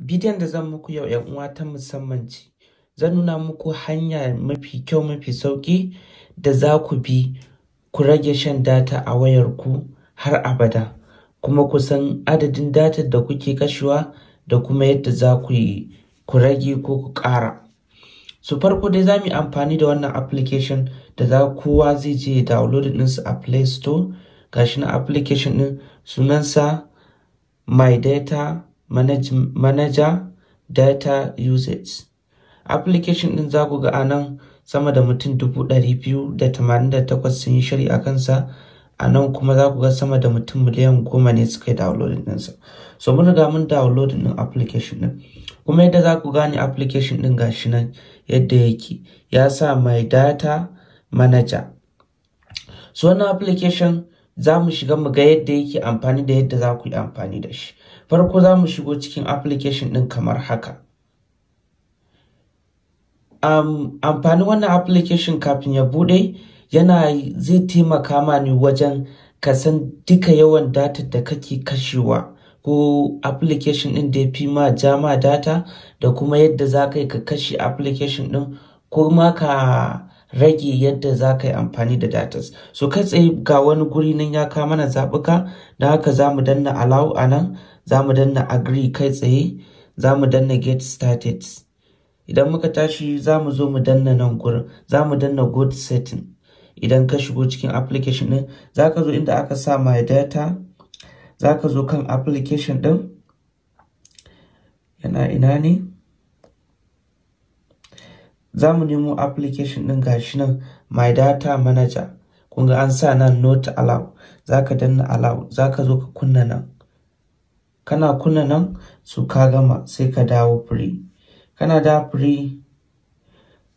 Bidiyon da zan muku yau uwa ta musamman ce, zan nuna muku hanya mafi kyau mafi sauƙi da za ku bi ku rage shan data a wayarku har abada, kuma ku san adadin data da kuke kashewa da kuma yadda za ku yi ku rage ko ku ƙara. Su farko dai za mu yi amfani da wannan application da za kowa zai je download su a Play Store, gashi na application ɗin sunansa My Data manage, manager data usage application din za ku ga a nan sama da mutum 288 sun yi shiri a kansa a nan kuma za ku ga sama da mutum miliyan goma ne suka yi downloadin ɗinsa so mun riga mun downloadin ɗin application ɗin kuma yadda za ku gane application ɗin shi nan yadda yake ya sa mai data manager so wannan application za mu shiga mu ga yadda yake amfani da yadda za ku yi amfani da shi farko za mu shigo cikin application ɗin kamar haka um, amfanin wannan application kafin ya buɗe yana zai taimaka ma ne wajen ka san duka yawan data da kake kashewa ko application ɗin da ya fi ma jama data da kuma yadda za ka ka kashe application ɗin ko ma ka rage yadda za ka yi amfani da datas so kai tsaye ga wani guri nan ya ka mana zaɓuka da haka za mu danna allow a nan za mu danna agree kai tsaye za mu danna get started idan muka tashi za mu zo mu danna nan gurin za mu danna good setting idan ka shigo cikin application ɗin za ka zo inda aka sa my data za ka zo kan application ɗin yana ina ne za mu nemo application ɗin gashi nan my data manager kun ga an sa nan not allow za ka danna allow za ka zo ka kunna nan kana kunna nan su ka gama sai ka dawo free kana da free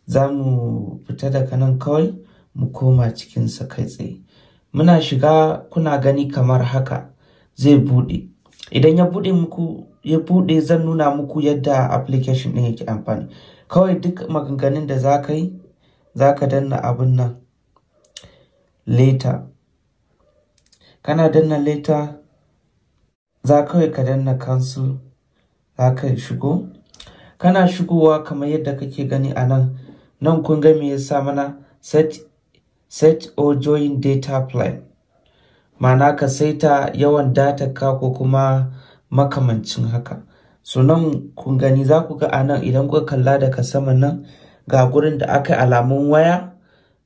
za mu fita daga nan kawai mu koma cikinsa kai tsaye muna shiga kuna gani kamar haka zai buɗe idan ya buɗe muku ya buɗe zan nuna muku yadda application ɗin yake amfani kawai duk maganganun da za ka yi za ka danna abin nan leta kana danna leta za kawai ka danna kansu za ka shigo kana shigowa kamar yadda kake gani a nan nan kun ga me yasa mana set set or join data plan ma'ana ka saita yawan data ka ko kuma makamancin haka so nan kun gani za ku ga a nan idan kuka kalla daga sama nan ga gurin da aka yi alamun waya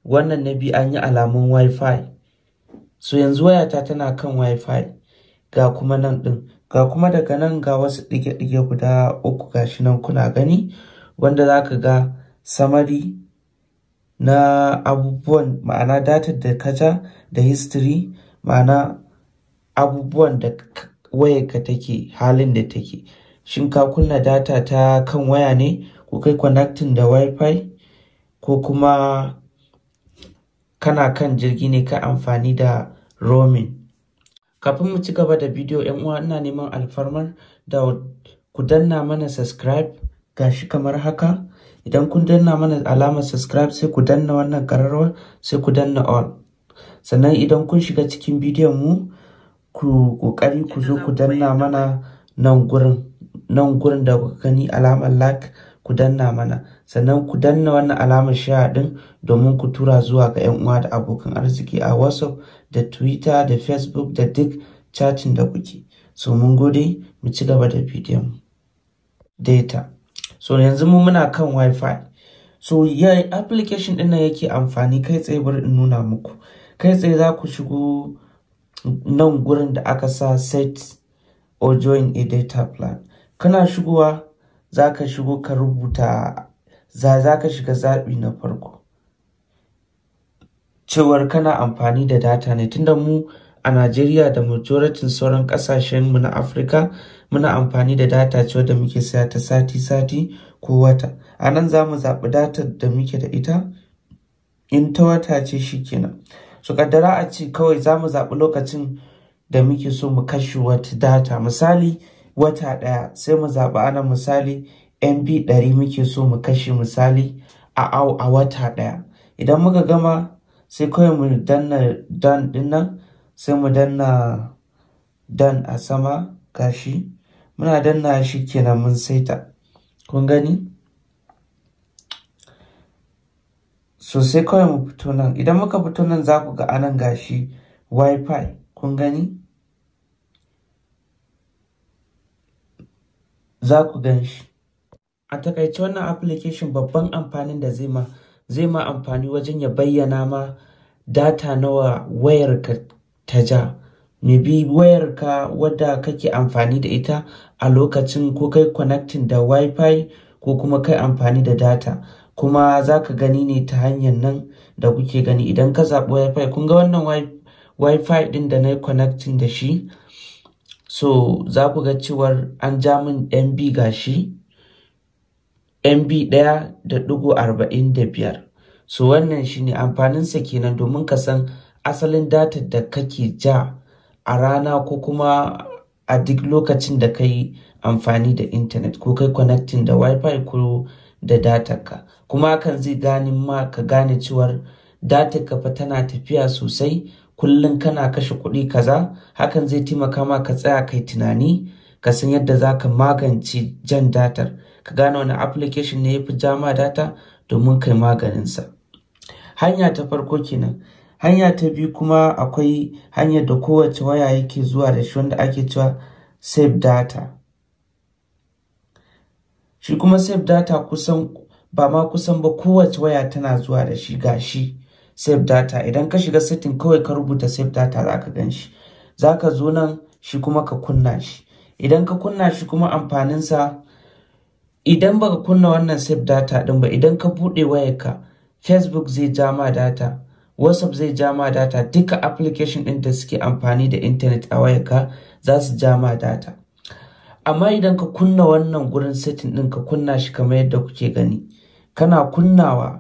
wannan na biyu an yi alamun wifi so yanzu wayata tana kan wifi ga kuma nan ɗin ga kuma daga nan ga wasu ɗige-ɗige guda uku gashi nan kuna gani wanda za ka ga samari na abubuwan ma'ana datar da kaja da history ma'ana abubuwan da wayarka take halin da take shin ka kunna data ta kan waya ne ko kai connecting da wifi ko kuma kana kan jirgi ne ka amfani da roaming kafin mu ci gaba da bidiyo yan uwa ina neman alfarmar da ku danna mana subscribe gashi kamar haka idan kun danna mana alamar subscribe sai ku danna wannan kararrawa sai ku danna all sannan idan kun shiga cikin bidiyon mu ku kokari ku zo ku danna mana nan gurin nan gurin da kuka gani alamar like ku danna mana sannan ku danna wannan alamar share din domin ku tura zuwa ga yan uwa da abokan arziki a whatsapp da twitter da facebook da duk chatin da kuke so mun gode mu ci gaba da bidiyon data so yanzu mu muna kan wifi so ya application nan yake amfani kai tsaye bari in nuna muku kai tsaye za ku shigo nan gurin da aka sa set or join a data plan kana shigowa za ka shigo ka rubuta za za ka shiga zaɓi na farko cewar kana amfani da data ne tunda mu a Najeriya da majoratin sauran kasashen mu na Afirka muna amfani da data ce da muke saya ta sati-sati ko wata. A nan za mu zaɓi datar da muke da ita in ta wata ce shi kenan. So kaddara a ce kawai za mu zaɓi lokacin da muke so mu kashe wata data. Misali wata ɗaya sai mu zaɓi ana misali mb 100 muke so mu kashe misali a au a wata ɗaya idan muka gama sai kawai mu danna dan dinnan sai mu danna dan a sama gashi muna danna shi kenan mun saita kun gani so sai kawai mu fito nan idan muka fito nan za ku ga anan gashi wifi kun gani za ku gan shi a takaice wannan application babban amfanin da zai ma zai ma amfani wajen ya bayyana ma data nawa wayarka ta ja maybe wayarka wadda kake amfani da ita a lokacin ko kai connecting da wifi ko kuma kai amfani da data kuma za ka gani ne ta hanyar nan da kuke gani idan ka zaɓi wifi kun ga wannan wifi ɗin da na yi connecting da shi so za ku ga cewar an ja min mb gashi mb ɗaya da ɗigo arba'in da biyar so wannan shine amfaninsa kenan domin ka san asalin data da kake ja a rana ko kuma a duk lokacin da ka yi amfani da intanet ko kai connecting da wifi ko da ka. kuma hakan zai gani ma ka gane cewar ka fa tana tafiya sosai kullum kana kashe kuɗi kaza hakan zai taimaka ma ka tsaya kai tunani ka san yadda za ka magance jan datar ka gane wani application ne ya fi jama data domin kai maganinsa hanya ta farko kenan hanya ta biyu kuma akwai hanyar da kowace waya yake zuwa da shi wanda ake cewa save data shi kuma save data kusan ba ma kusan ba kowace waya tana zuwa da shi gashi save data idan ka shiga setting kawai ka rubuta save data za ka gan shi za ka zo nan shi kuma ka kunna shi idan ka kunna shi kuma amfaninsa idan baka kunna wannan save data din ba idan ka buɗe wayarka facebook zai ja ma data whatsapp zai ja ma data duka application ɗin da suke amfani da internet a wayarka za su ja ma data amma idan ka kunna wannan gurin setting ɗin ka kunna shi kamar yadda kuke gani kana kunnawa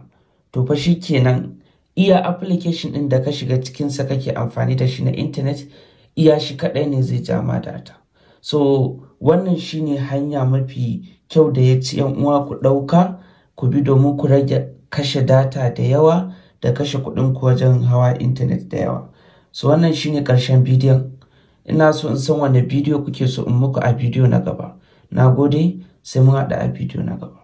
to fa shi kenan iya application ɗin da ka shiga cikinsa kake amfani da shi na intanet iya shi kaɗai ne zai ja ma data so wannan shine hanya mafi kyau da ya ci 'yan uwa ku ɗauka ku bi domin ku rage kashe data da yawa da kashe kuɗin ku wajen hawa intanet da yawa so wannan shine ƙarshen bidiyon ina so in san wane bidiyo kuke so in muku a bidiyo na gaba na gode sai mun haɗa a bidiyo na gaba